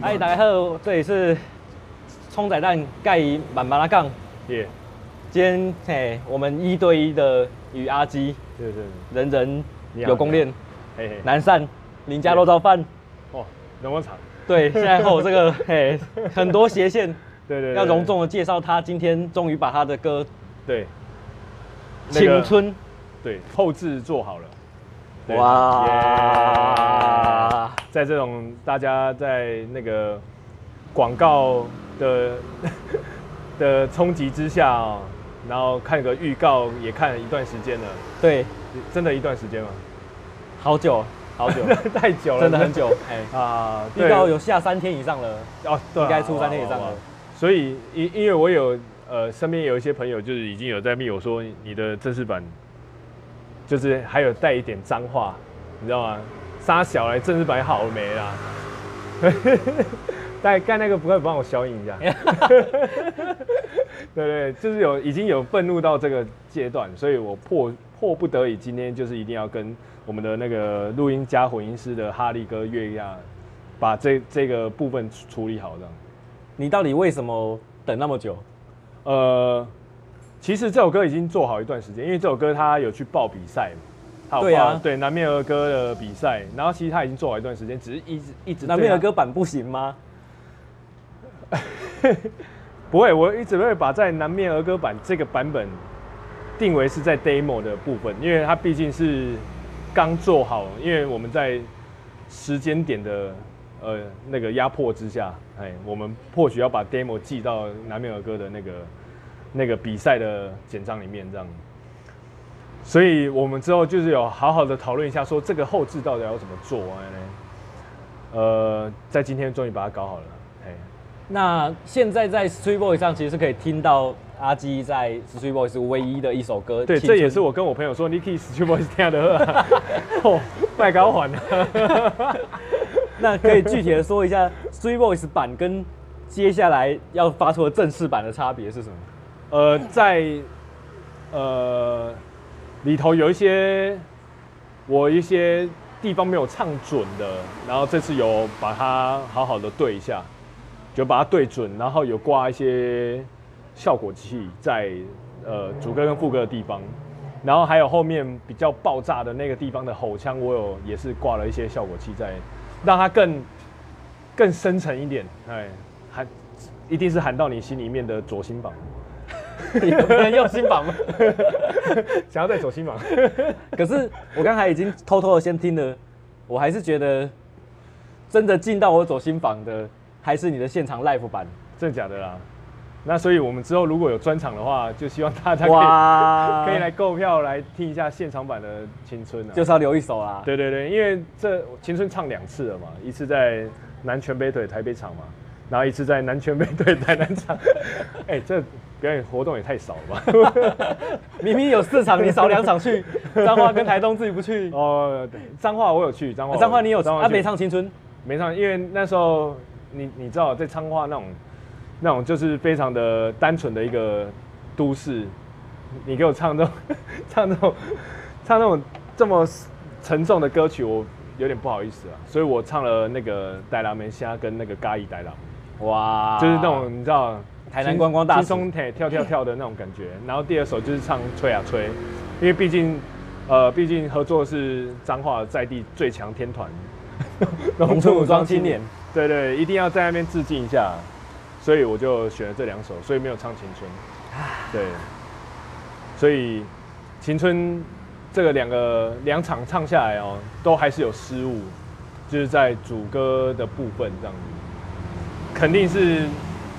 哎，大家好，這裡是蔥仔蛋蓋滿滿辣。來耶，Yeah. 今天嘿我們一對一的與阿雞，對對對人人有功練，hey, hey 南善鄰家肉燥飯，哦，那麼長。對，現在和我這個嘿， 很多斜線。 對，對，對，對對。要隆重的介紹他，今天終於把他的歌，對，那個、青春，對，後製做好了。對哇，yeah, 在這種大家在那個廣告的的衝擊之下、哦、然後看個預告也看了一段時間了。對，真的一段時間嗎？好久，好久， 太久了，真的很久。哎、欸，啊，預告有下三天以上了。哦、啊，對、啊，應該出三天以上了。哦啊哦哦哦、所以，因因為我有呃，身邊有一些朋友就是已經有在密我說，你的正式版。就是還有帶一點髒話，你知道嗎？沙小來正式版好了沒啦？但 幹那個不會幫我消音一下？ 對不對？就是有已經有憤怒到這個階段，所以我迫迫不得已今天就是一定要跟我們的那個錄音加混音師的哈利哥約一下，把這這個部分處理好這樣。你到底為什麼等那麼久？呃。其實這首歌已經做好一段時間，因為這首歌他有去報比賽好，他有報。啊，對，南面而歌的比賽。然後其實他已經做好一段時間，只是一直一直。南面而歌版不行嗎？ 不會，我一直會把在南面而歌版這個版本定為是在 demo 的部分，因為它畢竟是剛做好。因為我們在時間點的呃那個壓迫之下，哎，我們或許要把 demo 寄到南面而歌的那個。那個比賽的簡章裡面這樣，所以我們之後就是有好好的討論一下，說這個後製到底要怎麼做呢？欸，呃，在今天終於把它搞好了。哎，那現在在 StreetVoice 上其實是可以聽到阿雞在 StreetVoice 唯一的一首歌。對，這也是我跟我朋友說，你去 StreetVoice 下聽的，啊、 哦，拜高環了，啊、 那可以具體的說一下 StreetVoice 版跟接下來要發出的正式版的差別是什麼？呃，在呃裡頭有一些我一些地方沒有唱準的，然後這次有把它好好的對一下，就把它對準，然後有掛一些效果器在呃主歌跟副歌的地方，然後還有後面比較爆炸的那個地方的吼腔，我有也是掛了一些效果器在，讓它更更深沉一點，哎，喊一定是喊到你心裡面的左心房。 有能用新房嗎？ 想要再走新房。可是我剛才已經偷偷的先聽了，我還是覺得真的進到我走新房的，還是你的現場 live 版，真的假的啦？那所以，我們之後如果有專場的話，就希望大家可以哇 可以來購票來聽一下現場版的《青春》。就是要留一首啊，對對對，因為這《青春》唱兩次了嘛，一次在南拳北腿台北場嘛，然後一次在南拳北腿台南場，哎，這。活動也太少了吧， 明明有四場，你少兩場去。彰化跟台東自己不去。哦，彰化我有去，彰化彰化你有，他沒唱青春，沒唱，因為那時候你你知道在彰化那種那種就是非常的單純的一個都市，你給我唱這種唱這種唱那種唱那種唱那種唱那種這麼沉重的歌曲，我有點不好意思啊，所以我唱了那個《帶拉梅蝦》跟那個《咖喱帶拉》哇，wow，就是那種你知道。台南觀光大輕鬆腿跳跳跳的那種感覺，嘿然後第二首就是唱吹啊吹，因為畢竟，呃，畢竟合作是彰化在地最強天團，農 村武裝青年， 對,對對，一定要在那邊致敬一下，所以我就選了這兩首，所以沒有唱青春，對，所以青春這個兩個兩場唱下來哦，都還是有失誤，就是在主歌的部分這樣子，肯定是。嗯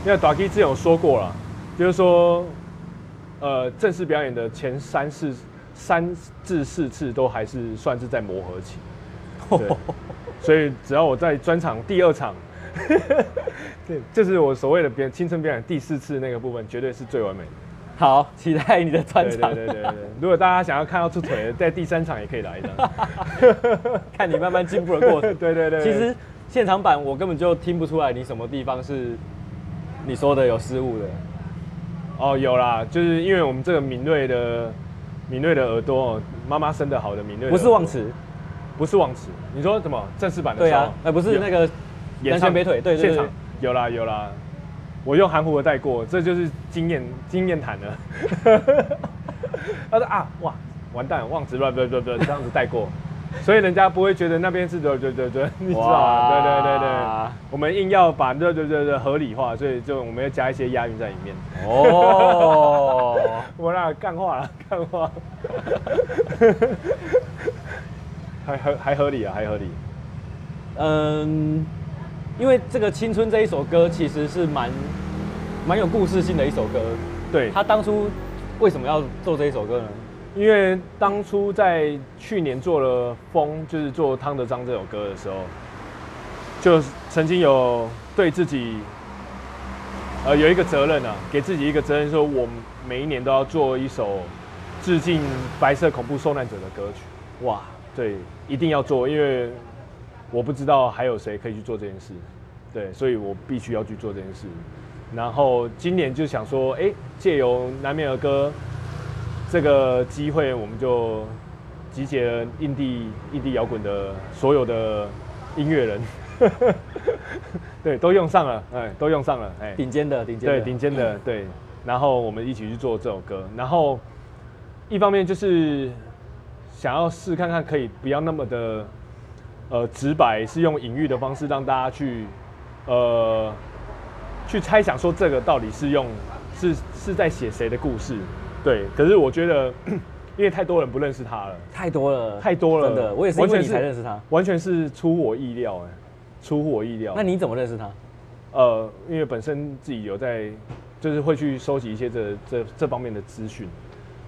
因為打 K 之前有說過了，就是說，呃，正式表演的前三四三至四次都還是算是在磨合期，對 oh. 所以只要我在專場第二場，這、 就是我所謂的“青春表演”第四次那個部分，絕對是最完美的。好，期待你的專場。對對，對對對，如果大家想要看到出腿，在第三場也可以來一張， 看你慢慢進步的過程。 對，對，對對對，其實現場版我根本就聽不出來你什麼地方是。你說的有失誤的，哦，有啦，就是因為我們這個敏銳的、敏銳的耳朵，媽媽生的好的敏銳，不是忘詞，不是忘詞。你說什麼正式版的時候？哎、啊呃，不是那個演前沒腿，對，對，對，對，現場有啦有啦，我用含糊的帶過，這就是經驗經驗談了。他說 啊，哇，完蛋，忘詞了，不不不不，這樣子帶過。 所以人家不會覺得那邊是對對對對，哇你知道嗎？對對對對，我們硬要把對對對這合理化，所以就我們要加一些押韻在裡面哦。 我那幹話了，幹話， 還合還還合理啊，還合理。嗯，因為這個《青春》這一首歌其實是蠻蠻有故事性的一首歌。對，他當初為什麼要做這一首歌呢？因為當初在去年做了《風》，就是做《湯德章》這首歌的時候，就曾經有對自己，呃，有一個責任啊，給自己一個責任，說我每一年都要做一首致敬白色恐怖受難者的歌曲，哇，對，一定要做，因為我不知道還有誰可以去做這件事，對，所以我必須要去做這件事。然後今年就想說，哎，借由南面而歌。這個機會，我們就集結了印地、印地搖滾的所有的音樂人， 對，都用上了，哎，都用上了，哎，頂尖的，頂尖的，對，頂尖的、嗯，對。然後我們一起去做這首歌。然後一方面就是想要試看看，可以不要那麼的呃直白，是用隱喻的方式讓大家去呃去猜想，說這個到底是用是是在寫誰的故事。對，可是我覺得，因為太多人不認識他了，太多了，太多了，太多了真的，我也是因為你才認識他，完全，完全是出乎我意料哎，出乎我意料。那你怎麼認識他？呃，因為本身自己有在，就是會去收集一些這這這方面的資訊，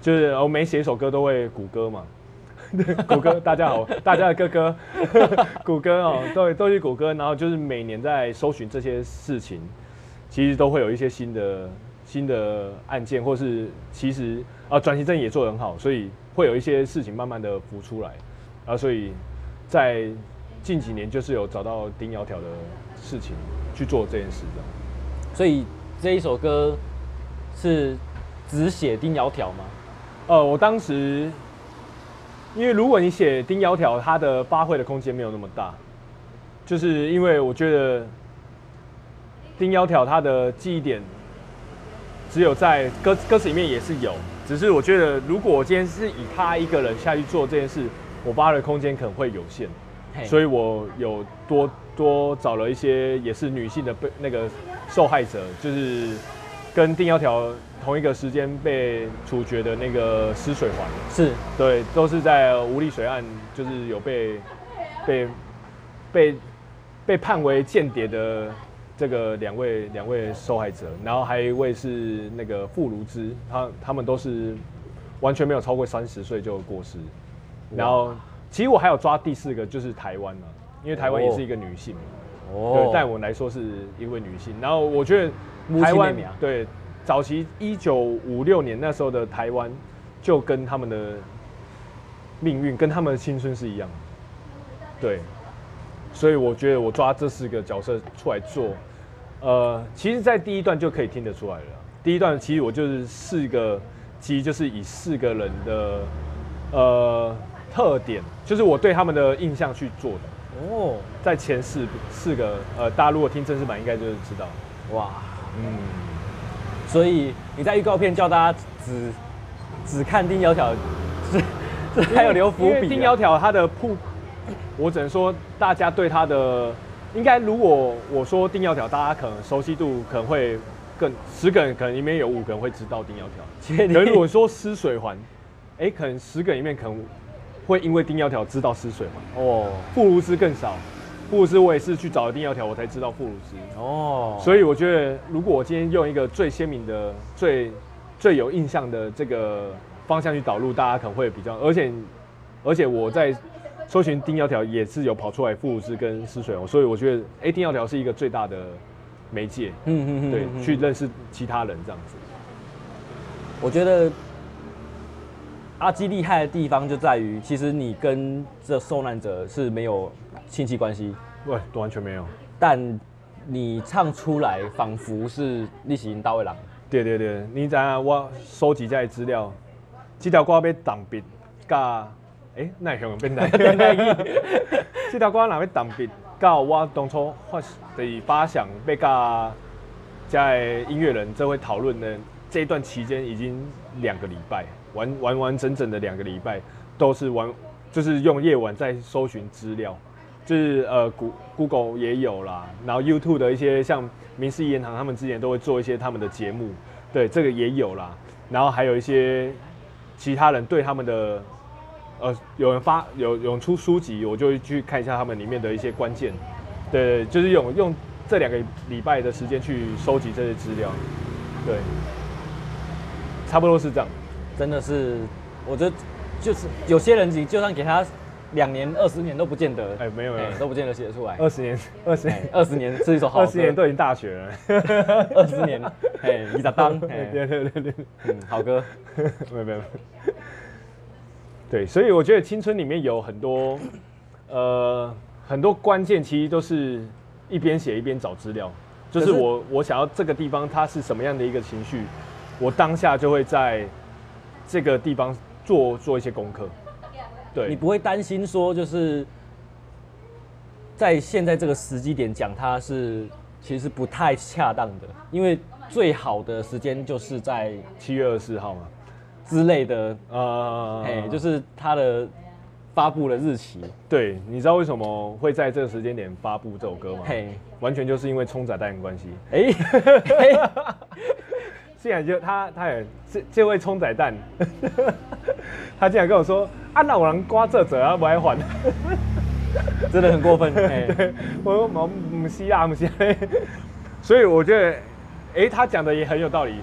對就是我、哦、每寫一首歌都會谷歌嘛， 谷歌，大家好，大家的哥哥， 谷歌哦，對都都是谷歌，然後就是每年在搜尋這些事情，其實都會有一些新的。新的案件，或是其實啊轉、呃、型正也做得很好，所以會有一些事情慢慢的浮出來，啊、呃，所以在近幾年就是有找到丁窈窕的事情去做這件事的，所以這一首歌是只寫丁窈窕嗎？呃，我當時因為如果你寫丁窈窕，它的發揮的空間沒有那麼大，就是因為我覺得丁窈窕他的記憶點。只有在歌歌詞裡面也是有，只是我覺得如果我今天是以他一個人下去做這件事，我發的空間可能會有限，嘿所以我有多多找了一些也是女性的被那個受害者，就是跟丁窈窕同一個時間被處決的那個施水環，是對，都是在吳麗水案，就是有被被被被判為間諜的。這個兩位兩位受害者，然後還有一位是那個傅如芝，他他們都是完全沒有超過三十歲就過世。然後哇其實我還有抓第四個，就是台灣嘛，因為台灣也是一個女性，哦、對，但我來說是一位女性。然後我覺得台灣對早期一九五六年那時候的台灣，就跟他們的命運跟他們的青春是一樣的，對。所以我覺得我抓這四個角色出來做，呃，其實，在第一段就可以聽得出來了。第一段其實我就是四個，其實就是以四個人的呃特點，就是我對他們的印象去做的。哦，在前四四個，呃，大家如果聽正式版應該就是知道。哇，嗯。所以你在預告片叫大家只只看丁窈窕，因為這還有留伏筆啊。丁窈窕她的鋪。我只能說，大家對它的，應該如果我說丁窈窕，大家可能熟悉度可能會更十個，可能裡面有五個人會知道丁窈窕。釋可如我說施水環、欸，可能十個裡面可能會因為丁窈窕知道施水環。哦，傅如芝更少，傅如芝我也是去找丁窈窕，我才知道傅如芝。哦，所以我覺得如果我今天用一個最鮮明的、最最有印象的這個方向去導入，大家可能會比較，而且而且我在。搜尋丁窈窕也是有跑出來傅如芝跟施水環，所以我覺得 A、欸、丁窈窕是一個最大的媒介，嗯嗯,嗯對，嗯嗯去認識其他人這樣子。我覺得阿雞厲害的地方就在於，其實你跟這受難者是沒有親戚關係，對、欸，完全沒有。但你唱出來是是，仿佛是逆行大胃郎。對對對，你知影我收集這些資料，這條歌要動筆哎，那向、欸、變難。這條歌，哪位對比告我當初發的發想被告在音樂人這會討論的這一段期間，已經兩個禮拜，完完完整整的兩個禮拜，都是完就是用夜晚在搜尋資料，就是呃，Google 也有啦，然後 YouTube 的一些像民事銀行，他們之前都會做一些他們的節目，對，這個也有啦，然後還有一些其他人對他們的。呃，有人發有有人出書籍，我就會去看一下他們裡面的一些關鍵，對，對，對，就是用用這兩個禮拜的時間去收集這些資料，對，差不多是這樣。真的是，我覺得就是有些人，你就算給他兩年、二十年都不見得，哎、欸，沒有沒有，欸、都不見得寫得出來。二十年，二十，二十、欸、年是一首好歌，二十年都已經大學了，二十年， 年，哎、欸，你咋當？六、欸、嗯，好歌，沒有沒有。對，所以我覺得《青春》裡面有很多，呃，很多關鍵其實都是一邊寫一邊找資料，就是我我想要這個地方它是什麼樣的一個情緒，我當下就會在這個地方做做一些功課。對，你不會擔心說就是在現在這個時機點講它是其實不太恰當的，因為最好的時間就是在七月二十四號嘛。之類的，呃，就是他的發布的日期。對，你知道為什麼會在這個時間點發布這首歌嗎？嘿，完全就是因為蔥仔蛋的關係。哎、欸，現、欸、在 就他，他也這這位蔥仔蛋， 他竟然跟我說：“啊，那我能刮這折、啊，然後我還 真的很過分。哎，我說毛姆西啊，姆西、嗯。 所以我覺得，哎、欸，他講的也很有道理，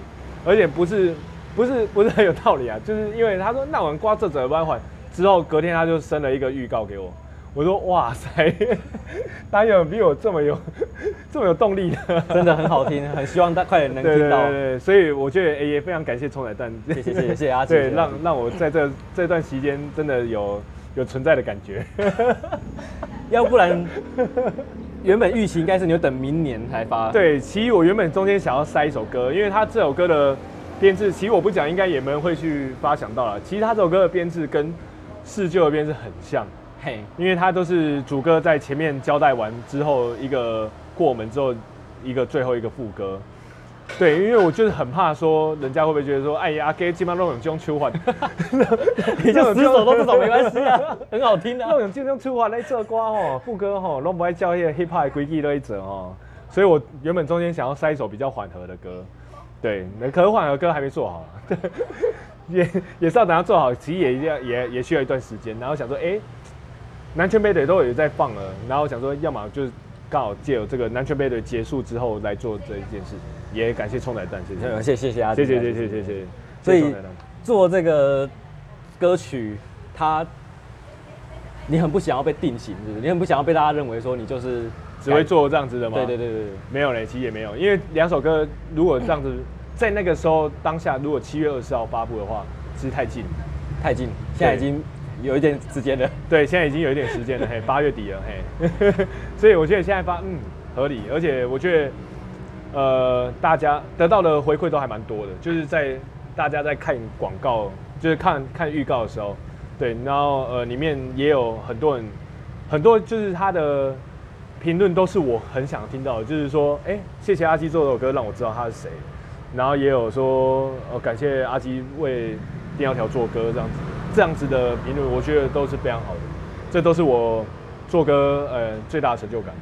而且不是。不是不是很有道理啊，就是因為他說那我刮這怎麼辦？之後隔天他就生了一個預告給我，我說哇塞，哪有比我這麼有這麼有動力的？真的很好聽，很希望他快點能聽到。對，對，對，對所以我覺得、欸、也非常感謝蔥仔蛋，謝謝謝謝阿雞，謝謝啊、對，讓讓我在這 這段時間真的有有存在的感覺。要不然原本預期應該是你要等明年才發。對，其實我原本中間想要塞一首歌，因為他這首歌的。編製其實我不講，應該也沒人會去發想到了。其實他這首歌的編製跟《似舊》的編製很像，嘿，Hey. 因為他都是主歌在前面交代完之後，一個過門之後，一個最後一個副歌。 對，因為我就是很怕說人家會不會覺得說， 哎呀，阿雞起碼都有種秋緩，真的，你就這手 十首都這首沒關係啊， 很好聽的、啊。那種就那種秋緩那一折瓜吼，副歌吼、哦、羅不愛叫耶，hiphop、規矩那一折吼。所以我原本中間想要塞一首比較緩和的歌。對，那科幻的歌還沒做好，對也也是要等他做好，其實也一也也也需要一段時間。然後想說，哎、欸，南拳北腿都有在放了，然後想說，要麼就是剛好借由這個南拳北腿結束之後來做這一件事情。也感謝蔥仔蛋，謝謝，謝謝，謝謝，謝謝，謝謝。所以做這個歌曲，他，你很不想要被定型，是不是？你很不想要被大家認為說你就是。只會做這樣子的嗎？對對對對沒有嘞，其實也沒有，因為兩首歌如果這樣子，欸、在那個時候當下，如果七月二十號發布的話，其實太近了，太近了。現在,對現在已經有一點時間了，對，現在已經有一點時間了， 嘿，八月底了，嘿， 所以我覺得現在發，嗯，合理。而且我覺得，呃，大家得到的回饋都還蠻多的，就是在大家在看廣告，就是看看預告的時候，對，然後呃，裡面也有很多人，很多就是他的。評論都是我很想聽到的。就是說，哎、欸，謝謝阿基做這首歌，讓我知道他是誰。然後也有說，哦、呃，感謝阿基為丁窈窕做歌，這樣子，這樣子的評論，我覺得都是非常好的，這都是我做歌，呃、欸，最大的成就感。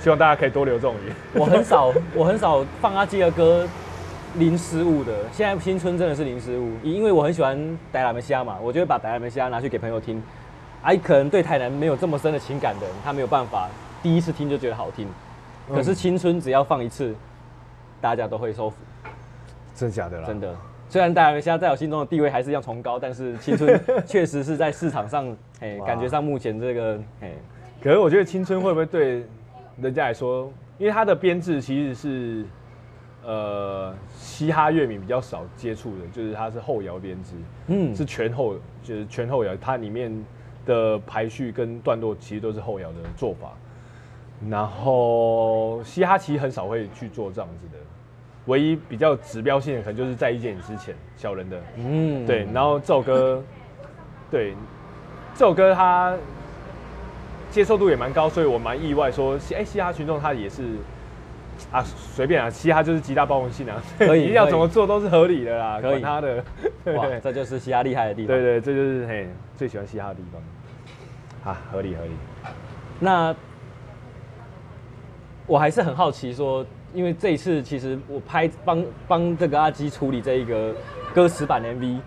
希望大家可以多留這種魚。我很少， 我很少放阿基的歌，零失誤的。現在青春真的是零失誤，因為我很喜歡白喇門蝦嘛，我就會把白喇門蝦拿去給朋友聽。還可能對台南沒有這麼深的情感的人，他沒有辦法第一次聽就覺得好聽。可是《青春》只要放一次，嗯、大家都會收服。真假的啦？真的。雖然大家現在在我心中的地位還是要崇高，但是《青春》確實是在市場上，哎， 感覺上目前這個，哎哇，嘿可是我覺得《青春》會不會對人家來說，因為它的編制其實是，呃，嘻哈樂迷比較少接觸的，就是它是後搖編制，嗯，是全後，就是全後搖，它裡面，的排序跟段落其實都是後搖的做法，然後嘻哈其實很少會去做這樣子的，唯一比較指標性的可能就是在遇見你之前小人的嗯，對，然後這首歌對，這首歌他接受度也蠻高，所以我蠻意外說哎、欸、嘻哈群眾他也是啊，隨便啊，嘻哈就是極大包容性啊，可以， 你要怎麼做都是合理的啦，可以，管他的，對，這就是嘻哈厲害的地方，對對，這就是嘿最喜歡嘻哈的地方。啊，合理合理。那我還是很好奇說，說因為這一次其實我拍幫幫這個阿雞處理這一個歌詞版 MV，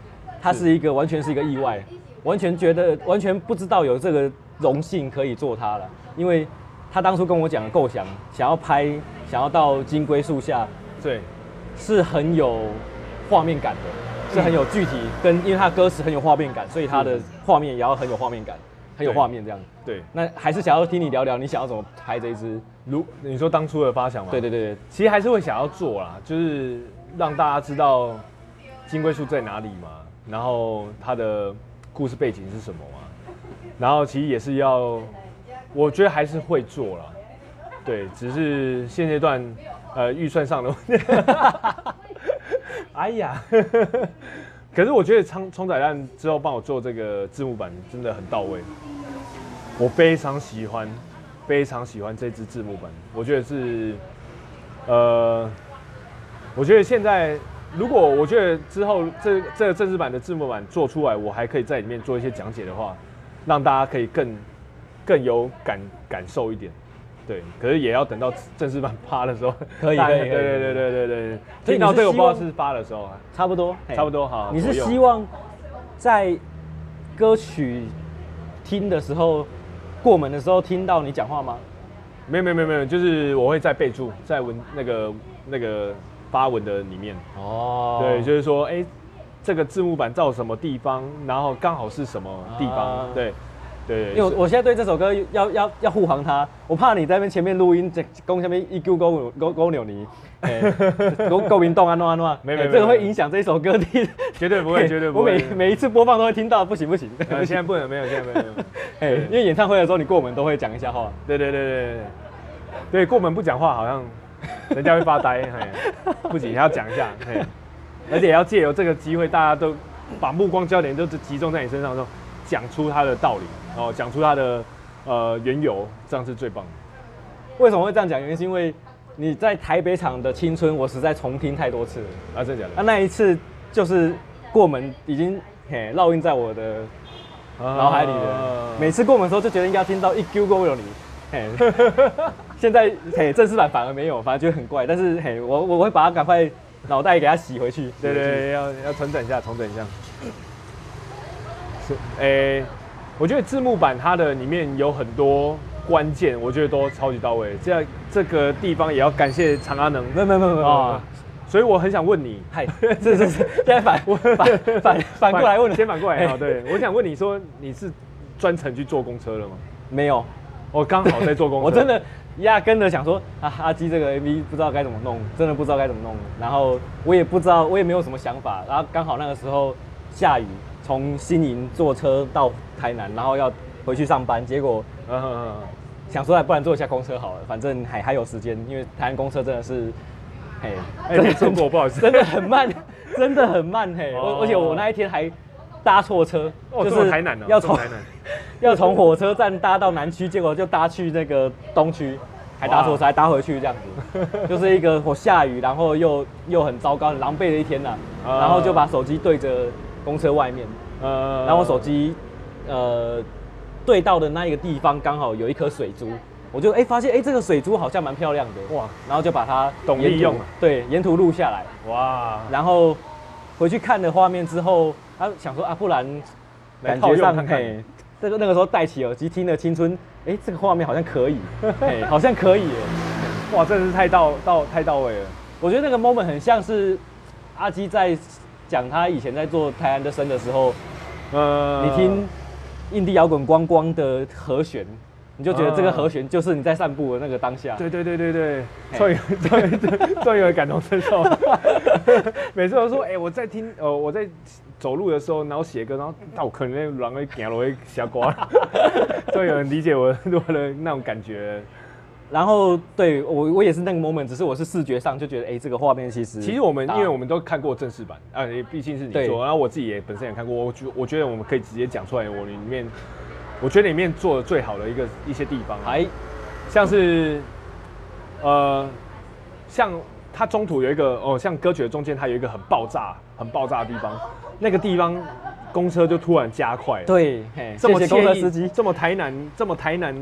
它是一個完全是一個意外，完全覺得完全不知道有這個榮幸可以做它了。因為他當初跟我講的構想，想要拍，想要到金龜樹下，對，是很有畫面感的，是很有具體跟，嗯、跟因為他歌詞很有畫面感，所以他的畫面也要很有畫面感。很有畫面這樣對，對那還是想要聽你聊聊，你想要怎麼拍這一支？如你說當初的發想嗎？對對對，其實還是會想要做啦，就是讓大家知道金龜樹在哪裡嘛，然後它的故事背景是什麼嘛，然後其實也是要，我覺得還是會做啦。對，只是現階段呃預算上的問題， 哎呀。 可是我覺得蒼沖仔蛋之後幫我做這個字幕版真的很到位，我非常喜歡，非常喜歡這支字幕版。我覺得是，呃，我覺得現在如果我覺得之後這這個、正式版的字幕版做出來，我還可以在裡面做一些講解的話，讓大家可以更更有感感受一點。對，可是也要等到正式版趴的時候。可以可以，可以對對對對對聽到這個包是發的時候啊，差不多差不多好。你是希望在歌曲聽的時候，過門的時候聽到你講話嗎？沒有沒有沒有沒有，就是我會在備註，在文那個那個發文的裡面哦。對，就是說哎、欸，這個字幕版照什麼地方，然後剛好是什麼地方，啊、對。對，因為我現在對這首歌要要要護航它，我怕你在那邊前面錄音，在公下面一揪勾勾勾扭你，勾勾冰凍啊凍啊凍啊，沒有沒有，這個會影響這一首歌聽，絕對不會絕對不會。我每每一次播放都會聽到，不行不行。現在不能沒有，現在沒有。哎，因為演唱會的時候你過門都會講一下話，對對對對對，過門不講話好像人家會發呆，不行要講一下，而且也要借由這個機會，大家都把目光焦點都集中在你身上的時候，講出它的道理。哦，講出他的呃緣由，這樣是最棒的。為什麼會這樣講？原因是因為你在台北場的青春，我實在重聽太多次了。啊，真的假的、啊？那一次就是過門已經嘿烙印在我的腦海裡了。啊、每次過門的時候就覺得應該要聽到一 Q 過不了你。嘿 現在嘿正式版反而沒有，反而覺得很怪。但是嘿，我我會把它趕快腦袋給它洗回去。 對，對對，要要重整一下，重整一下。是、 欸我覺得字幕版它的裡面有很多關鍵，我覺得都超級到位。這樣這個地方也要感謝長阿能，那那那啊，所以我很想問你，嗨，是是是，現在反反反反過來問你，先反過來啊，嘿對，我想問你說你是專程去坐公車了嗎？沒有，我剛好在坐公車，我真的壓根的想說啊，阿雞這個 MV 不知道該怎麼弄，真的不知道該怎麼弄，然後我也不知道，我也沒有什麼想法，然後剛好那個時候。下雨，從新營坐車到台南，然後要回去上班，結果、uh huh. 想說，不然坐一下公車好了，反正還還有時間，因為台灣公車真的是，嘿，不好意思真的很慢，真的很慢嘿、欸。而、oh. 而且我那一天還搭錯車，就是、oh, 台、南啊、台南， 要從要從火車站搭到南區，結果就搭去那個東區，還搭錯車，Wow. 還搭回去這樣子，就是一個火下雨，然後又又很糟糕、很狼狽的一天吶，uh huh. 然後就把手機對着。公車外面，呃，然後我手機，呃，對到的那一個地方剛好有一顆水珠，我就哎、欸、發現哎、欸、這個水珠好像蠻漂亮的哇，然後就把它利用、啊，對，沿途錄下來，哇，然後回去看了畫面之後，他、啊、想說啊不然感，感好上感覺上看這個、欸、那個時候戴起耳機聽的青春，哎、欸、這個畫面好像可以，哎、 欸、好像可以，哎， 哇真的是太到到太到位了，我覺得那個 moment 很像是阿雞在。講他以前在做泰安德森的時候，呃，你聽印地搖滾光光的和弦，你就覺得這個和弦就是你在散步的那個當下。對、呃、對對對對，終於終於終於有人感同身受 每次我都說哎、欸，我在聽，呃，我在走路的時候，然後寫歌，然後到可能那人會聽我會瞎瓜，終於有人理解我多種那種感覺。然後對我我也是那個 moment，只是我是視覺上就覺得，哎，這個畫面其實其實我們、uh, 因為我們都看過正式版啊，也畢竟是你說，對然後我自己也本身也看過，我覺我覺得我們可以直接講出來，我裡面我覺得裡面做的最好的一個一些地方，還像是、嗯、呃像。它中途有一個哦，像歌曲的中間，它有一個很爆炸、很爆炸的地方，那個地方公車就突然加快。對，嘿，這麼貼合司機，這麼台南，這麼台南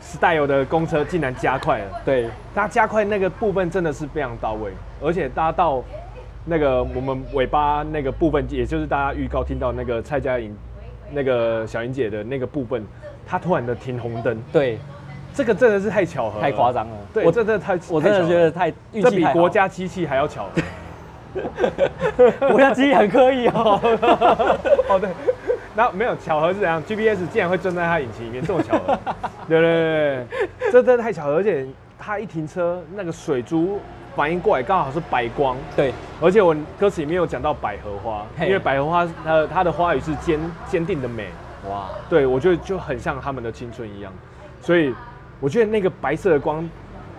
style 的公車竟然加快了。對，它加快那個部分真的是非常到位，而且大家到那個我們尾巴那個部分，也就是大家預告聽到那個蔡佳瑩、那個小瑩姐的那個部分，它突然的停紅燈。對。這個真的是太巧合，太誇張了。了，對，我真的太，我真的覺得太，這比國家機器還要巧合。合。 國家機器很刻意哦。 哦對，然後沒有巧合是怎樣？GPS 竟然會鑽在他引擎裡面，這麼巧。合。 對，對對對，這真的太巧合，而且他一停車，那個水珠反應過來，剛好是白光。對，而且我歌詞裡面有講到百合花，嘿因為百合花它的它的花語是堅堅定的美。哇，對，我覺得就很像他們的青春一樣，所以。我覺得那個白色的光，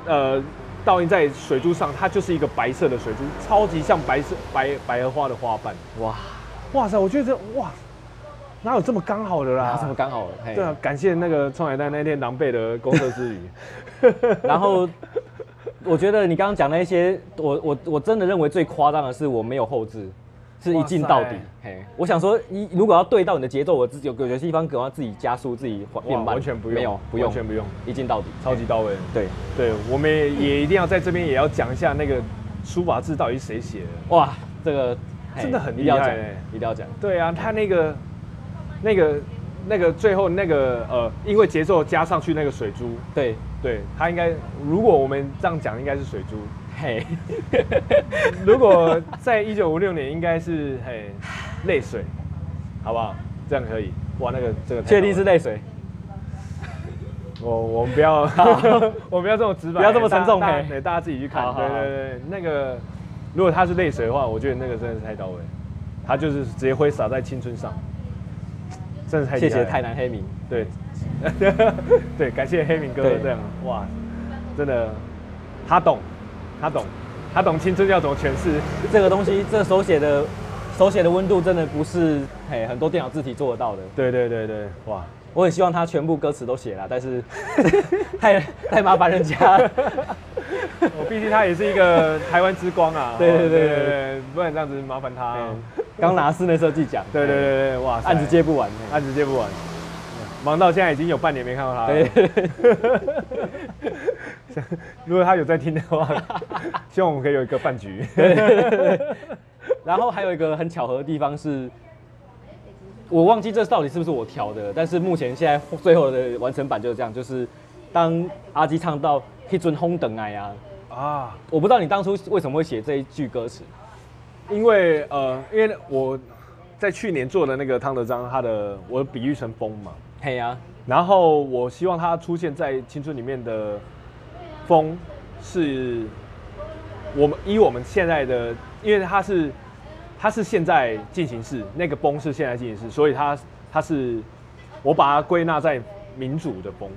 呃，倒映在水珠上，它就是一個白色的水珠，超級像白色白百合花的花瓣，哇，哇塞，我覺得這哇，哪有這麼剛好的啦、啊？這麼剛好的？對啊，嘿嘿感謝那個創海帶那天狼狽的公車之旅， 然後我覺得你剛剛講那些，我我我真的認為最誇張的是我沒有後置。是一鏡到底。嘿，我想說，如果要對到你的節奏，我自己有有些地方可能要自己加速，自己變慢，完全不用，沒有，不用，完全不用，一鏡到底，超級到位。對對，我們也也一定要在這邊也要講一下那個書法字到底是誰寫的？哇，這個真的很厲害，一定要講。對啊，他那個那個那個最後那個呃，因為節奏加上去那個水珠，對對，他應該如果我們這樣講，應該是水珠。嘿，Hey. 如果在一九五六年應該是，應該是嘿淚水，好不好？這樣可以哇，那個這個確定是淚水。我我們不要，好 我不要這麼直白，不要這麼沉重。嘿，大家自己去看。好對對對，好好，那個如果他是淚水的話，我覺得那個真的是太到位，他就是直接揮灑在青春上，真是太。謝謝台南黑明，對， 對，感謝黑明哥哥這樣對哇，真的他懂。他懂，他懂青春要怎麼詮釋這個東西。這手寫的，手寫的溫度真的不是嘿，很多電腦字體做得到的。對對對對，哇！我很希望他全部歌詞都寫了，但是 太太麻煩人家。 我畢竟他也是一個台灣之光啊。對對對對，對對對，不然這樣子麻煩他。剛拿室內設計獎。嘿對對對對，哇！案子接不完，案子接不完。忙到現在已經有半年沒看到他了。對 如果他有在聽的話， 希望我們可以有一個飯局。然後還有一個很巧合的地方是，我忘記這是到底是不是我調的，但是目前現在最後的完成版就是這樣，就是當阿雞唱到 hit 陣風等愛啊，啊，我不知道你當初為什麼會寫這一句歌詞，因為呃，因為我在去年做的那個湯德章，他的我的比喻成風嘛。嘿呀！Hey 啊、然後我希望他出現在青春裡面的風，是我們以我們現在的，因為他是，他是現在進行式，那個風是現在進行式，所以他他是我把它歸納在民主的風，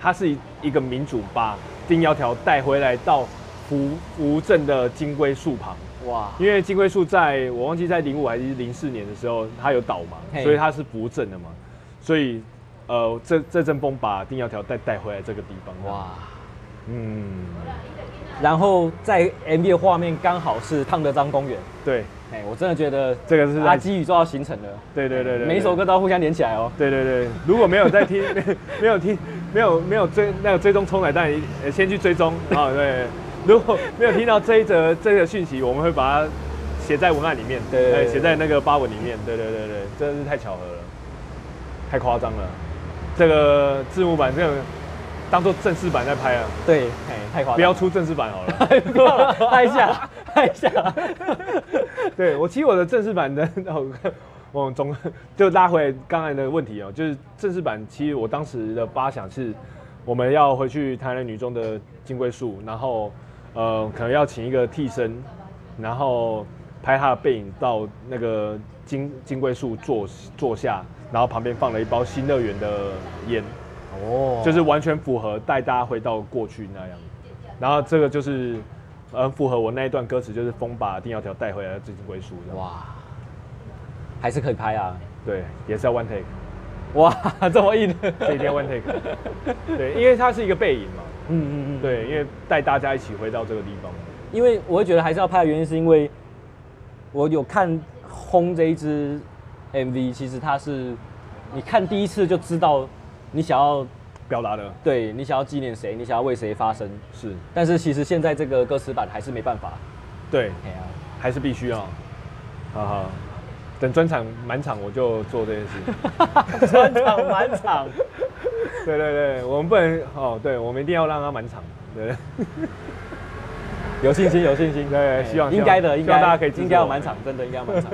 它是一一個民主把丁窈窕帶回來到扶扶正的金龜樹旁，哇 Wow！因為金龜樹在我忘記在零五還是零四年的時候，它有倒嘛，Hey 所以它是扶正的嘛。所以，呃，這這陣風把定要條帶帶回來這個地方，哇，嗯，然後在 m B A 畫面剛好是燙德章公園，對，哎，我真的覺得這個是垃圾宇做到形成的，對對對對，每一首歌都要互相連起來哦，對對對，如果沒有在聽，沒有聽，沒有沒有追那個追蹤沖奶蛋，先去追蹤啊，對，如果沒有聽到這一則這個訊息，我們會把它寫在文案裡面，對，寫在那個發文裡面，對對對對，真的是太巧合了。太誇張了，這個字幕版這種當做正式版在拍啊？嗯？對，哎，太誇張，不要出正式版好了， 拍一下，拍一下。 對我，其實我的正式版的，我總就拉回剛才的問題哦，喔，就是正式版，其實我當時的八想是，我們要回去台南女中的金龜樹，然後呃，可能要請一個替身，然後。拍他的背影到那個金金龜樹坐，坐下，然後旁邊放了一包新樂園的煙，哦，就是完全符合帶大家回到過去那樣。然後這個就是很符合我那一段歌詞，就是風把定要條帶回來，這金龜樹哇，還是可以拍啊？對，也是要 one take。哇，這麼硬，這一定要 one take。 對，因為它是一個背影嘛。嗯嗯嗯。對，因為帶大家一起回到這個地方。因為我會覺得還是要拍的原因是因為。我有看《風》這一支 MV，其實它是你看第一次就知道你想要表達的，對，你想要紀念誰，你想要為誰發聲。是，但是其實現在這個歌詞版還是沒辦法。對，Yeah. 還是必須要。好好 Okay. 等專場滿場，我就做這件事。專場滿場。 對對對，我們不能哦，對，我們一定要讓他滿場，對，對，對。有信心，有信心，對，對，對，對，希望，希望應該的，應該大家可以應該要滿場，我的真的應該滿場。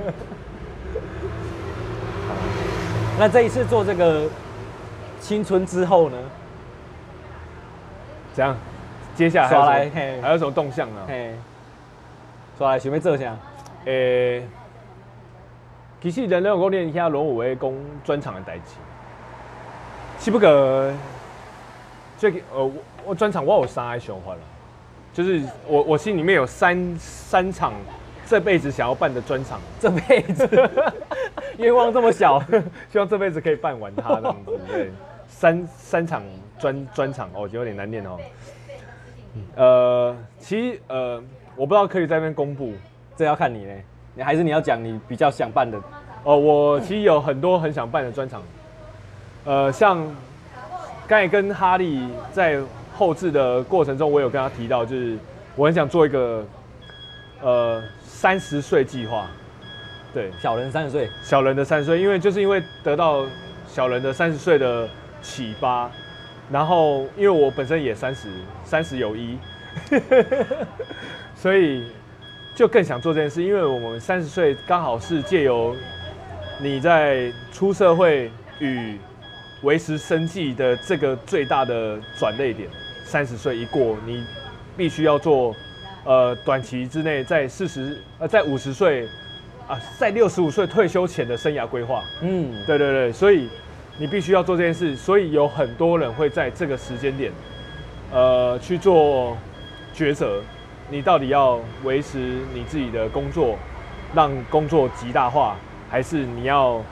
那這一次做這個青春之後呢？怎樣？接下來還有什麼？動向呢？耍來想要做啥？誒、欸，其實人兩個講練一下龍武威攻專場的代誌，只不過最近呃我我專場我有三個想法。了。就是我，我心裡面有三三場這輩子想要辦的專場，這輩子願望 這麼小， 希望這輩子可以辦完它，這樣子對、哦欸。三三場專專場，哦，有點難念哦。呃，其實呃，我不知道可以在那邊公布，這要看你嘞，你還是你要講你比較想辦的。哦、呃，我其實有很多很想辦的專場，呃，像剛才跟哈利在。後製的過程中，我有跟他提到，就是我很想做一個，呃，三十歲計劃。對，小人三十歲，小人的三十歲，因為就是因為得到小人的三十歲的啟發，然後因為我本身也三十三十有一， 所以就更想做這件事，因為我們三十歲剛好是借由你在出社會與維持生計的這個最大的轉捩點。三十歲一過，你必須要做，呃，短期之內在四十，呃，在五十歲，啊，在六十五歲退休前的生涯規劃。嗯，對對對，所以你必須要做這件事。所以有很多人會在這個時間點，呃，去做抉擇，你到底要維持你自己的工作，讓工作極大化，還是你要，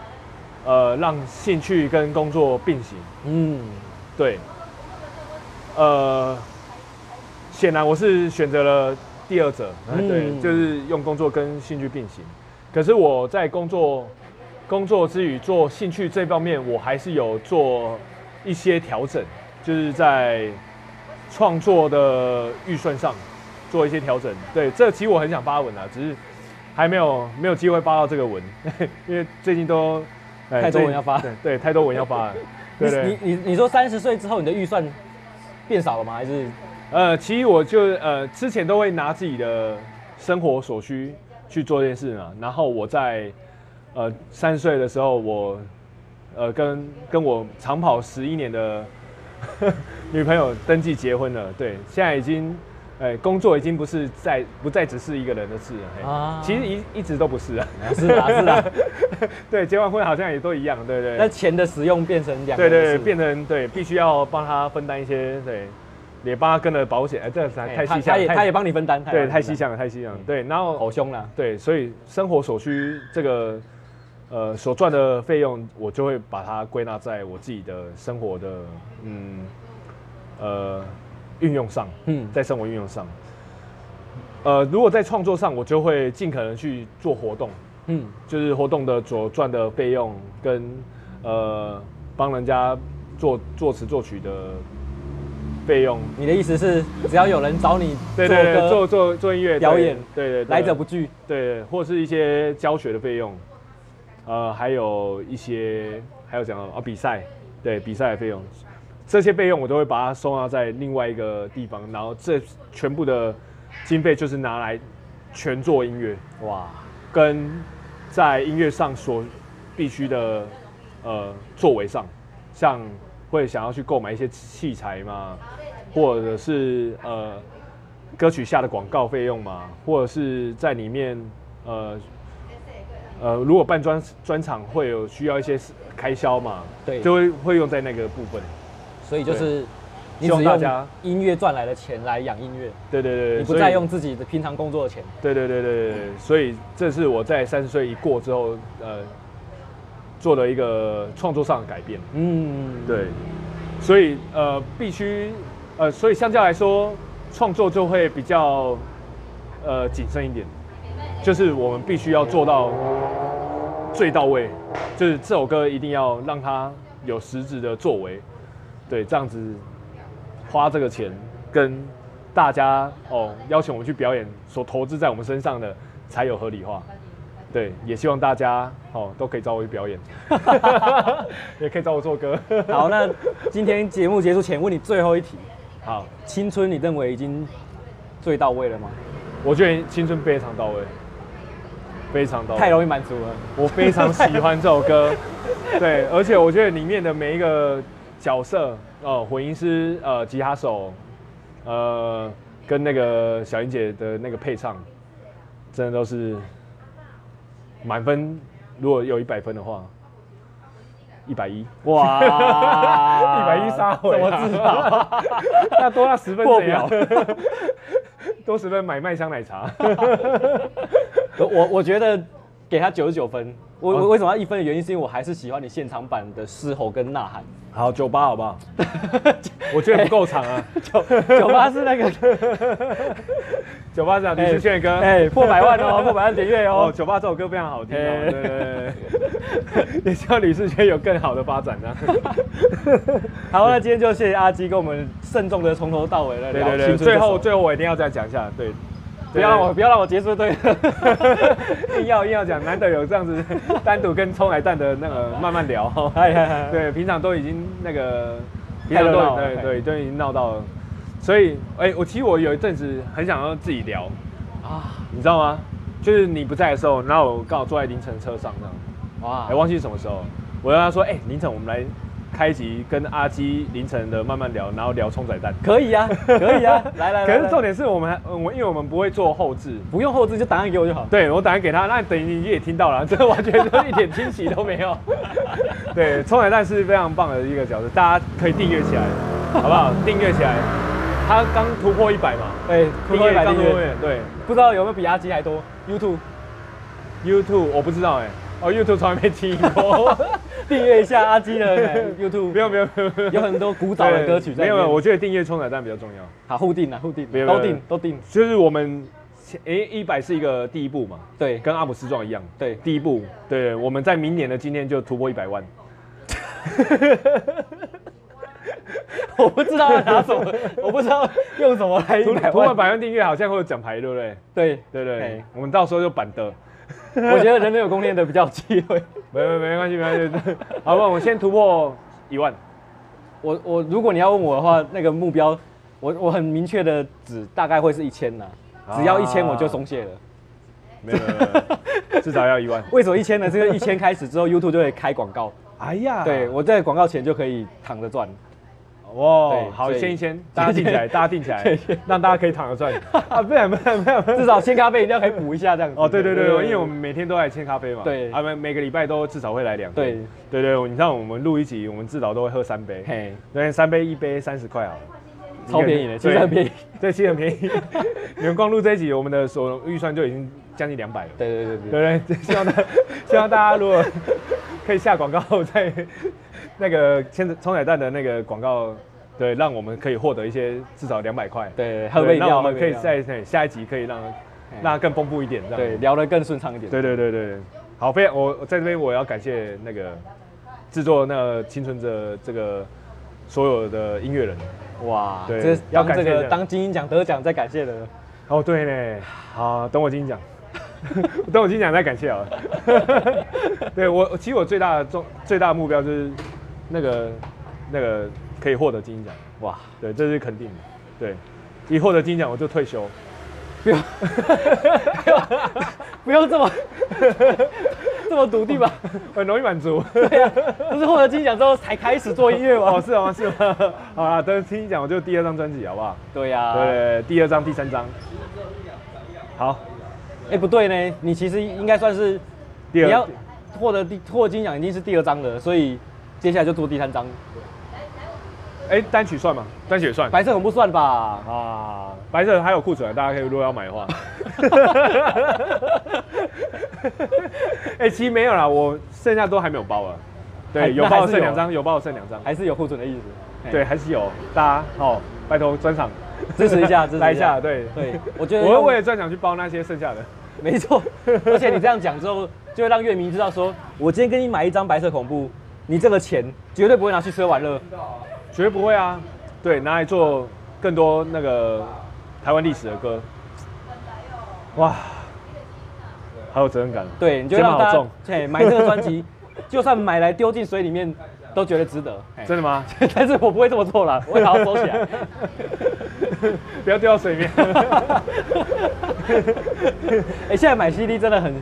呃，讓興趣跟工作並行？嗯，對。呃，顯然我是選擇了第二者，嗯、對，就是用工作跟興趣並行。可是我在工作工作之餘做興趣這方面，我還是有做一些調整，就是在創作的預算上做一些調整。對，這其實我很想發文啊，只是還沒有沒有機會發到這個文，因為最近都、欸、太多文要發對，對，太多文要發。你你你你說三十歲之後你的預算？變少了嗎？還是，呃，其實我就呃之前都會拿自己的生活所需去做這件事嘛。然後我在呃三十歲的時候我，我呃跟跟我長跑十一年的女朋友登記結婚了。對，現在已經。哎，工作已經不是在不再只是一個人的事了啊！其實一一直都不是啊，是啊是啊，對，結完婚好像也都一樣，對對。那錢的使用變成兩個事，對對，變成對，必須要幫他分擔一些，對，也幫他跟了保險，哎，這個實在太細項，太他也他也幫你分擔，對，太細項了太細項。對，然後好凶了，對，所以生活所需這個呃所賺的費用，我就會把它歸納在我自己的生活的嗯呃。運用上，嗯，在生活運用上，嗯、呃，如果在創作上，我就會盡可能去做活動，嗯，就是活動的所賺的費用跟呃幫人家做作詞作曲的費用。你的意思是，只要有人找你做歌，對對對，做做做音樂表演，對，對對，來者不拒，對，對，對，或者是一些教學的費用，呃，還有一些還有怎麼啊比賽，對，比賽的費用。這些費用我都會把它收納在另外一個地方，然後這全部的經費就是拿來全做音樂哇，跟在音樂上所必須的呃作為上，像會想要去購買一些器材嘛，或者是呃歌曲下的廣告費用嘛，或者是在裡面呃呃如果辦專專場會有需要一些開銷嘛，對，就會會用在那個部分。所以就是，你用大家音樂賺來的錢來養音樂。對，對對對，你不再用自己的平常工作的錢。對對對對對，所以這是我在三十歲一過之後，呃，做了一個創作上的改變。嗯，對。所以呃，必須呃，所以相較來說，創作就會比較呃謹慎一點。就是我們必須要做到最到位，就是這首歌一定要讓它有實質的作為。對，這樣子花這個錢跟大家哦邀請我們去表演，所投資在我們身上的才有合理化。對，也希望大家哦都可以找我去表演， 也可以找我做歌。好，那今天節目結束前問你最後一題。好，青春你認為已經最到位了嗎？我覺得青春非常到位，非常到位。太容易滿足了，我非常喜歡這首歌。 對，而且我覺得裡面的每一個。角色，呃，混音師，呃，吉他手，呃，跟那個小英姐的那個配唱，真的都是滿分。如果有一百分的話，一百一哇，一百一殺回，我知道、啊，那 多了十分怎樣 多十分買麥香奶茶 我。我我覺得給他九十九分。我為什麼要一分的原因，是因為我還是喜歡你現場版的嘶吼跟吶喊。好，98好不好？我覺得不夠長啊。98是那個。98，是呂士軒歌。哎，破百萬哦，破百萬點閱哦。98這首歌非常好聽，對對對。也希望呂士軒有更好的發展呢。好，那今天就謝謝阿基跟我們慎重的從頭到尾的聊。對對對，最後最後我一定要再講一下，對。對不要讓我，不要讓我結束，對 硬，硬要硬要講，難得有這樣子單獨跟蔥仔蛋的那個慢慢聊。 對，平常都已經那個，得平常都得對對都害已經鬧到了，所以哎、欸，我其實我有一陣子很想要自己聊啊，你知道嗎？就是你不在的時候，然後我剛好坐在凌晨車上這樣，哇，還、欸、忘記什麼時候，我跟他說哎、欸，凌晨我們來。開集跟阿雞凌晨的慢慢聊，然後聊蔥仔蛋，可以啊，可以啊， 來,來來。可是重點是我們，我、嗯、因為我們不會做後製，不用後製就檔案給我就好。對我檔案給他，那等於你也聽到了，這 的我覺得一點驚喜都沒有。 對，蔥仔蛋是非常棒的一個角色，大家可以訂閱起來，好不好？訂閱 起來。他剛突破一百嘛？對突破一百閱，多對，不知道有沒有比阿雞還多？YouTube？YouTube，YouTube? 我不知道哎、欸。哦，YouTube 從來沒聽過，訂閱一下阿雞的 YouTube。沒有沒有，有很多古早的歌曲。沒有沒有，我覺得訂閱蔥仔蛋比較重要。好，互訂啊，互訂，都訂都訂。就是我們哎一百是一個第一步嘛，對，跟阿姆斯壯一樣，對，第一步，對，我們在明年的今天就突破一百萬。我不知道要拿什麼，我不知道用什麼來突破百萬訂閱，好像會有獎牌，對不對？對對對，我們到時候就板的。 我覺得人人有供電的比較有機會，沒沒沒關係沒關係，好不好，我先突破一萬。我我如果你要問我的話，那個目標，我我很明確的指大概會是一千呢，只要一千我就鬆懈了，沒有，至少要一萬。為什麼一千呢？這個一千開始之後，YouTube 就會開廣告，哎呀，對我在廣告前就可以躺着賺。哇，好，先一先，大家定起來，大家定起來，讓大家可以躺着賺。啊，不然不然不然，至少牽咖啡一定要可以補一下這樣。哦，對對對，因為我們每天都在牽咖啡嘛。對他們每個禮拜都至少會來兩杯。對對對，你知道我們錄一集，我們至少都會喝三杯。對，那三杯一杯三十塊好了，超便宜的，其實很便宜。這期很便宜，你們光錄這一集，我們的所有預算就已經將近兩百了。對對對對，對對，希望的希望大家如果可以下廣告再。那個蔥仔蛋的那個廣告，對，讓我們可以獲得一些至少兩百塊。對，還有，那我們可以在下一集可以讓它更豐富一點，這樣對，聊得更順暢一點。對對對對，好，非常我我在這邊我要感謝那個製作那《青春》的這個所有的音樂人。哇，對要感謝當金音獎得獎再感謝的。哦，對呢。好，等我金音獎，等我金音獎再感謝啊。對我其實我最大的重最大的目標就是。那個，那個可以獲得金獎哇！對，這是肯定的。對，一獲得金獎我就退休，不要，不用這麼 這麼篤定吧，很、嗯、容易滿足。對呀、啊，不是獲得金獎之後才開始做音樂嗎？哦、 啊，是啊，是啊。好啊。等聽你講，我就第二張專輯好不好？對呀、啊。對，對，對，第二張、第三張。好，哎，欸、不對呢，你其實應該算是二你要獲得第獲金獎已經是第二張了，所以。接下來就做第三張，哎、欸，單曲算嗎？單曲也算，白色恐怖算吧？啊，白色還有庫存，大家可以如果要買的話。哈哈哈！哈哈！哈哈！哎，其實沒有啦，我剩下都還沒有包啊。對，有，有包剩兩張，有包剩兩張，還是有庫存的意思。對，還是有，大家好、喔，拜託專場支持一下，支持一下。一下對，對我覺得我也我會為了專場去包那些剩下的，沒錯。而且你這樣講之後，就會讓月明知道說，我今天給你買一張白色恐怖。你這個錢絕對不會拿去吃玩樂，絕對不會啊！對，拿來做更多那個台灣歷史的歌。哇，好有責任感。對，你就讓大眾買這個專輯，就算買來丟進水裡面都覺得值得。真的嗎？ 但是我不會這麼做啦， 我會好好收起來，欸、不要丟到水面。哎、 欸，現在買 CD 真的很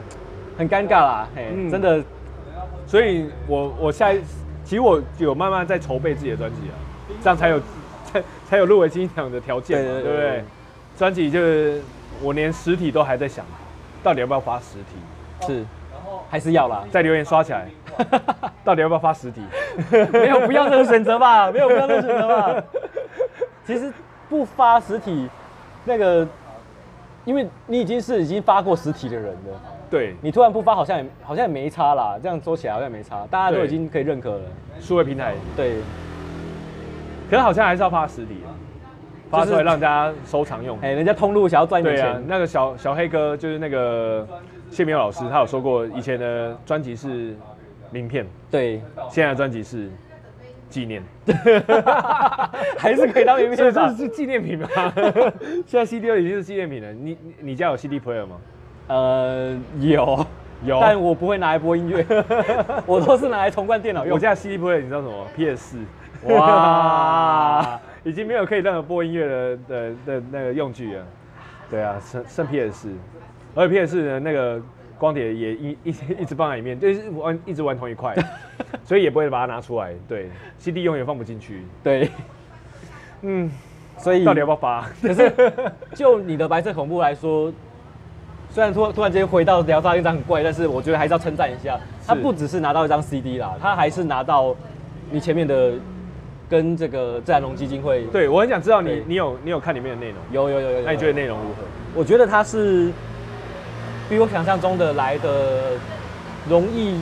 很尷尬啦，嗯、真的。所以我，我我下一次，其實我有慢慢在籌備自己的專輯啊，這樣才有，才才有入圍金曲獎的條件嘛，對不對？專輯就是我連實體都還在想，到底要不要發實體？哦、是，然後還是要啦，在留言刷起來，到底要不要發實體？ 沒有不要這個選擇吧？沒有不要這個選擇吧？ 其實不發實體，那個，因為你已經是已經發過實體的人了。對，你突然不發，好像也好像也沒差啦。這樣說起來好像也沒差，大家都已經可以認可了。數對位平台對，可是好像還是要發實體啊，發出來讓大家收藏用。哎，人家通路想要賺錢。對啊，那個小小黑哥就是那個謝明老師，他有說過，以前的專輯是名片，對，現在的專輯是紀念， 還是可以當名片？是是這是紀念品嗎？ 現在 CD 已經是紀念品了。你你家有 CD player 嗎？呃，有有，但我不會拿來播音樂， 我都是拿來重灌電腦用。我現在 CD 不會，你知道什麼？PS，哇， 已經沒有可以任何播音樂的的的那個用具了。對啊，剩剩 PS，而且 PS 呢，那個光碟，也一一直一,一直放在裡面，就是玩一直玩同一塊， 所以也不會把它拿出來。對，CD 用也放不進去。對，嗯，所以到底要不要發？可是就你的白色恐怖來說。雖然突突然間回到聊到一張很怪，但是我覺得還是要稱讚一下，他不只是拿到一張 CD 啦，是他還是拿到你前面的跟這個自然龍基金會。對我很想知道你對你有你有看裡面的內容？有有，有有有有。那你覺得內容如何？我覺得它是比我想象中的來得容易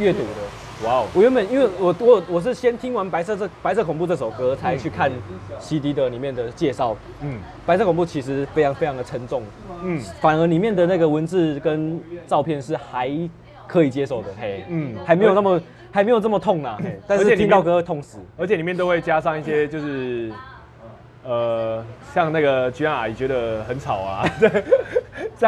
閱讀的。哇，Wow 我原本因為我我我是先聽完《白色這白色恐怖》這首歌，才去看 CD 的裡面的介紹。嗯，《白色恐怖》其實非常非常的沉重。嗯，反而裡面的那個文字跟照片是還可以接受的，嗯、嘿，嗯，還沒有那麼以還沒有這麼痛啦、啊。嘿。但 是聽到歌會痛死而，而且裡面都會加上一些就是。呃，像那個 g 阿姨覺得很吵啊，這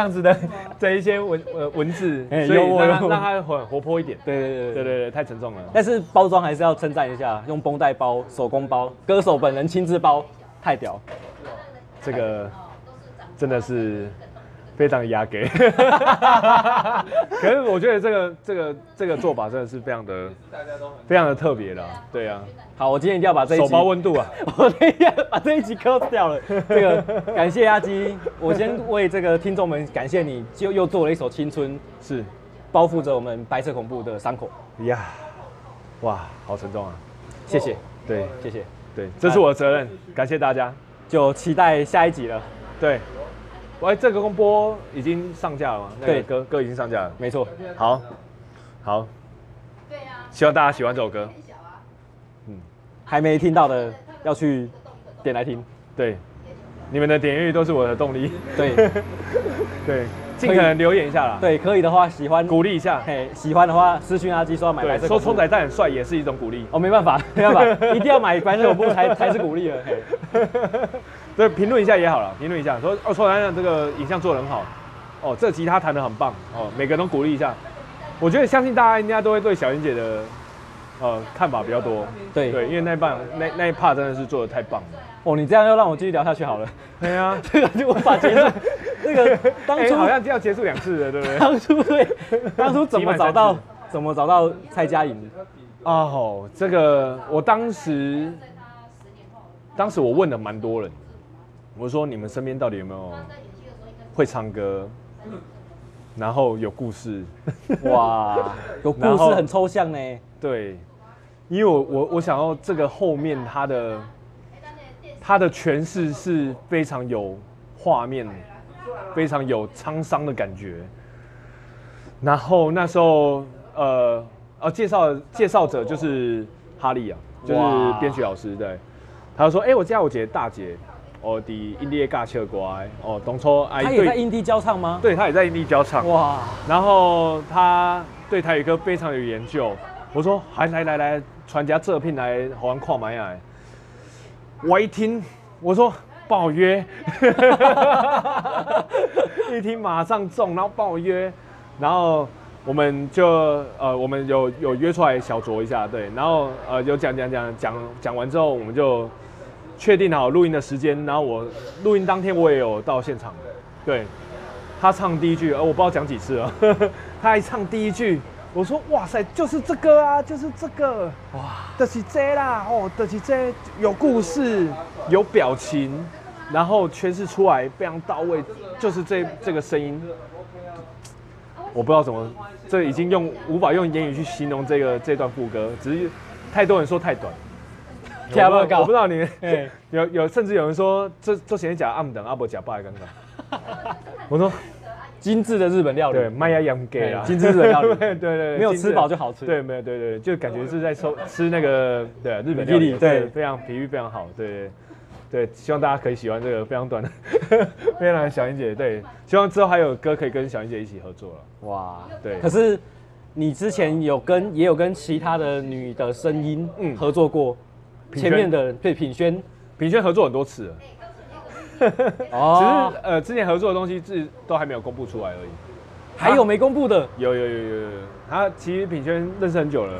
樣子的，這一些文呃文字，欸、所以讓有文讓它很活活潑一點。對對對對對，對對，太沉重了。但是包裝還是要稱讚一下，用繃帶包、手工包，歌手本人親自包，太屌，這個真的是。非常壓給，可是我覺得這個這個這個做法真的是非常的，大家都非常的特別的啊對啊，好，我今天一定要把這一手包溫度啊，我一定要把這一集 cut 掉了，這個感謝阿基，我先為這個聽眾們感謝你，又又做了一首青春，是包覆着我們白色恐怖的傷口，呀，哇，好沉重啊，謝謝，對，謝謝，對，這是我的責任，感謝大家，就期待下一集了，對。喂，這個公播已經上架了嗎？對，歌歌已經上架了，沒錯。好，好，對呀。希望大家喜歡這首歌。還沒聽到的要去點來聽。對，你們的點閱都是我的動力。對，對，盡可能留言一下啦。對，可以的話喜歡鼓勵一下。嘿，喜歡的話私訊阿雞說要買來。說蔥仔蛋很帥也是一種鼓勵。哦，沒辦法，沒辦法，一定要買手波才才是鼓勵了。對，評論一下也好了。評論一下，說哦，說一下這個影像做的很好，哦，這吉他彈的很棒，哦，每個人都鼓勵一下。我覺得相信大家應該都會對小云姐的，呃，看法比較多。對對，因為那半那那一趴真的是做的太棒了。哦、啊，喔，你這樣又讓我繼續聊下去好了。對啊， 這個就無法結束。那 個當初、欸、好像就要結束兩次了，對不對？當初對，當初怎麼找到怎麼找到蔡佳瑩？嗯嗯嗯嗯、哦，這個我當時，當時我問了蠻多人。我說：你們身邊到底有沒有會唱歌，嗯、然後有故事？哇， 後有故事很抽象呢。對，因為我我我想要這個後面它的它的詮釋是非常有畫面，非常有滄桑的感覺。然後那時候，呃呃、啊，介紹介紹者就是哈利啊，就是編曲老師。哇對，他說：哎、欸，我叫我姐大姐。在哦，的、哎、印地亞嘎氣的乖哦，董超阿姨，他也在印地交唱嗎？對，他也在印地交唱哇，然後他對台語歌非常有研究。我說，還來來來，傳家這聘來，好像跨埋呀！我一聽，我說幫我約， 一聽馬上中，然後幫我約，然後我們就呃，我們有有約出來小酌一下，對，然後呃，就講講講講講完之後，我們就。確定好錄音的時間，然後我錄音當天我也有到現場，對他唱第一句，喔、我不知道講幾次啊，他還唱第一句，我說哇塞，就是這個啊，就是這個哇，就是、這是 J 啦，哦、喔，就是、這是、個、J，有故事，有表情，然後詮釋出來非常到位，就是這這個聲音，我不知道怎麼，這已經用無法用言語去形容這個這段副歌，只是太多人說太短。不我，不我不知道你、欸、有有，甚至有人說這這小英姐阿姆等阿伯假拜。來跟、啊、 我說精致的日本料理，邁阿揚 Gay 啊，精致的料理， 對，對對，沒有吃飽就好吃，對沒有對對，就感覺是在抽吃、吃那個對日本料理，對，對，對非常皮膚非常好，對對，對希望大家可以喜歡這個非常短的非常 小英姐，對，希望之後還有歌可以跟小英姐一起合作了，哇對，可是你之前有跟也有跟其他的女的聲音嗯合作過。嗯前面的對品萱，品萱合作很多次了。哈 哦，只是呃之前合作的東西是都還沒有公布出來而已，還有沒公布的？有、啊、有有有有，他、啊、其實品萱認識很久了，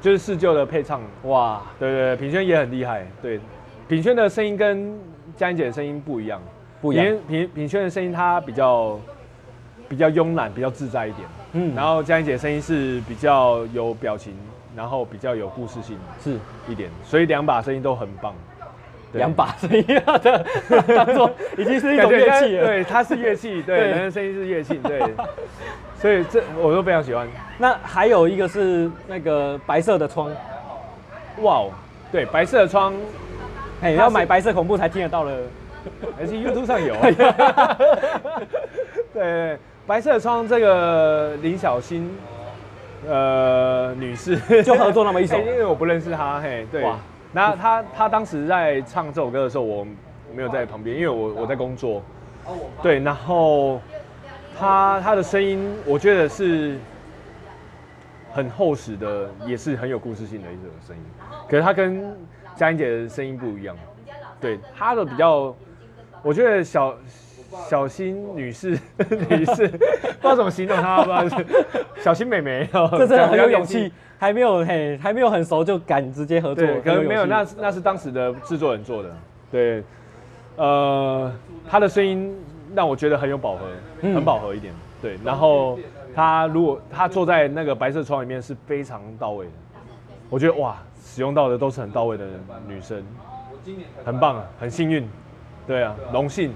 就是似舊的配唱哇，對對，品萱也很厲害，對，品萱的聲音跟佳瑩姐的聲音不一樣，不一樣，因為品品品萱的聲音他比較比較慵懶，比較自在一點，嗯，然後佳瑩姐的聲音是比較有表情。然後比較有故事性是一點，是所以兩把聲音都很棒，兩把聲音把它當做已經是一種樂器了，他對，它是樂器，對，人把對聲音是樂器，對， 所以這我都非常喜歡。那還有一個是那個白色的窗，哇哦，對，白色的窗，哎嘿，是要買白色恐怖才聽得到了，而且 YouTube 上有、啊， 對，白色的窗這個林小欣。呃，女士就合作那麼一首，欸，因為我不認識她。嘿，欸，對。哇，那她她當時在唱這首歌的時候，我我沒有在旁邊，因為我我在工作。哦，啊，對，然後她她的聲音，我覺得是很厚實的，也是很有故事性的一種聲音。可是她跟佳音姐的聲音不一樣，對，她的比較，我覺得小。小欣女士，女士，不知道怎麼形容她，不知道是不是小欣妹妹，這真的很有勇氣， 還沒有嘿，還沒有很熟就敢直接合作，可能沒有，有那那是當時的製作人做的。對，呃，她的聲音讓我覺得很有飽和，很飽和一點。嗯、對，然後她如果她坐在那個白色窗裡面是非常到位的，我覺得哇，使用到的都是很到位的女生，很棒啊，很幸運，對啊，榮幸。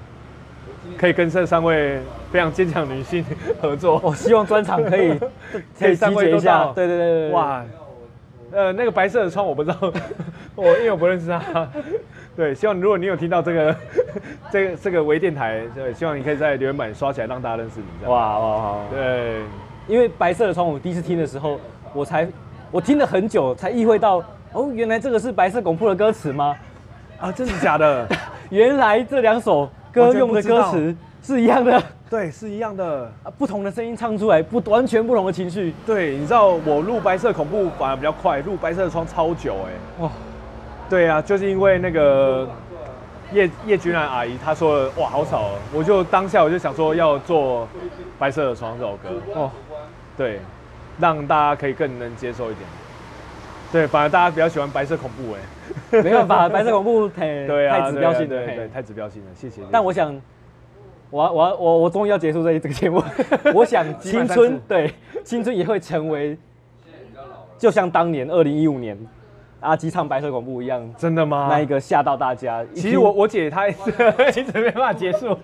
可以跟這三位非常堅強女性合作，哦，我希望專場可以 可以集結一下。對對對對，哇，呃，那個白色的窗我不知道，我 因為我不認識他。對，希望如果你有聽到這個，這個這個微電台，對，希望你可以在留言板刷起來，讓大家認識你。哇哇，好好，對，因為白色的窗，我第一次聽的時候，我才我聽了很久才意會到，哦，原來這個是白色恐怖的歌詞嗎？啊，真的假的？ 原來這兩首。歌用的歌詞是一樣的，對，是一樣的。啊，不同的聲音唱出來，不完全不同的情緒。對，你知道我錄白色恐怖反而比較快，錄白色的窗超久，欸，哎哇。對啊，就是因為那個葉葉菊蘭阿姨她說的，哇，好少哦，哇我就當下我就想說要做白色的窗這首歌。哦。對，讓大家可以更能接受一點。對，反而大家比較喜歡白色恐怖，欸，哎。 沒辦法，白色恐怖太太指標性的，太指標性的、啊啊啊，謝謝你。謝謝但我想，我、啊、我、啊、我我終於要結束這這個節目， 我想青春對、啊啊、青春也會成為，就像當年二零一五年，啊，雞唱白色恐怖一樣，真的嗎？那一個嚇到大家？其實我我姐她一直哥其實沒辦法結束，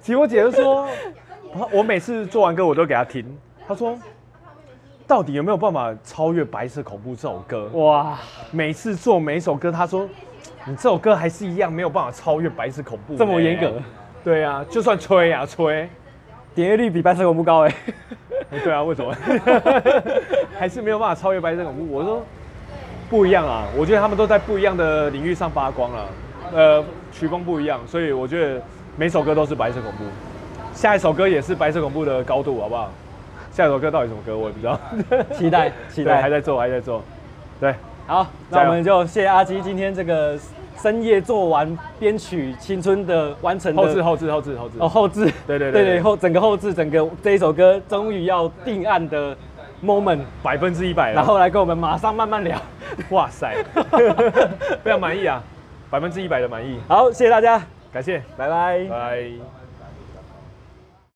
其實我姐就說我，我每次做完歌我都給她聽，她說。到底有沒有辦法超越《白色恐怖》這首歌？哇，每次做每一首歌，他說，你這首歌還是一樣沒有辦法超越《白色恐怖》欸。這麼嚴格。對呀，就算吹啊吹，點閱率比《白色恐怖》高哎。對啊，為什麼？ 還是沒有辦法超越《白色恐怖》？我說不一樣啊，我覺得他們都在不一樣的領域上發光了。呃，曲風不一樣，所以我覺得每首歌都是《白色恐怖》。下一首歌也是《白色恐怖》的高度，好不好？下一首歌到底什麼歌，我也不知道，期待期待 對還在做還在做，對，好，油那我們就謝謝阿雞今天這個深夜做完編曲《青春的完成的後》後製後製、哦、後製後製哦後製，對對對對，對，對，對後整個後製整個這一首歌終於要定案的 moment 百分之一百了，然後來跟我們馬上慢慢聊，哇塞，非常滿意啊，百分之一百的滿意，好，謝謝大家，感謝，拜拜 bye，拜。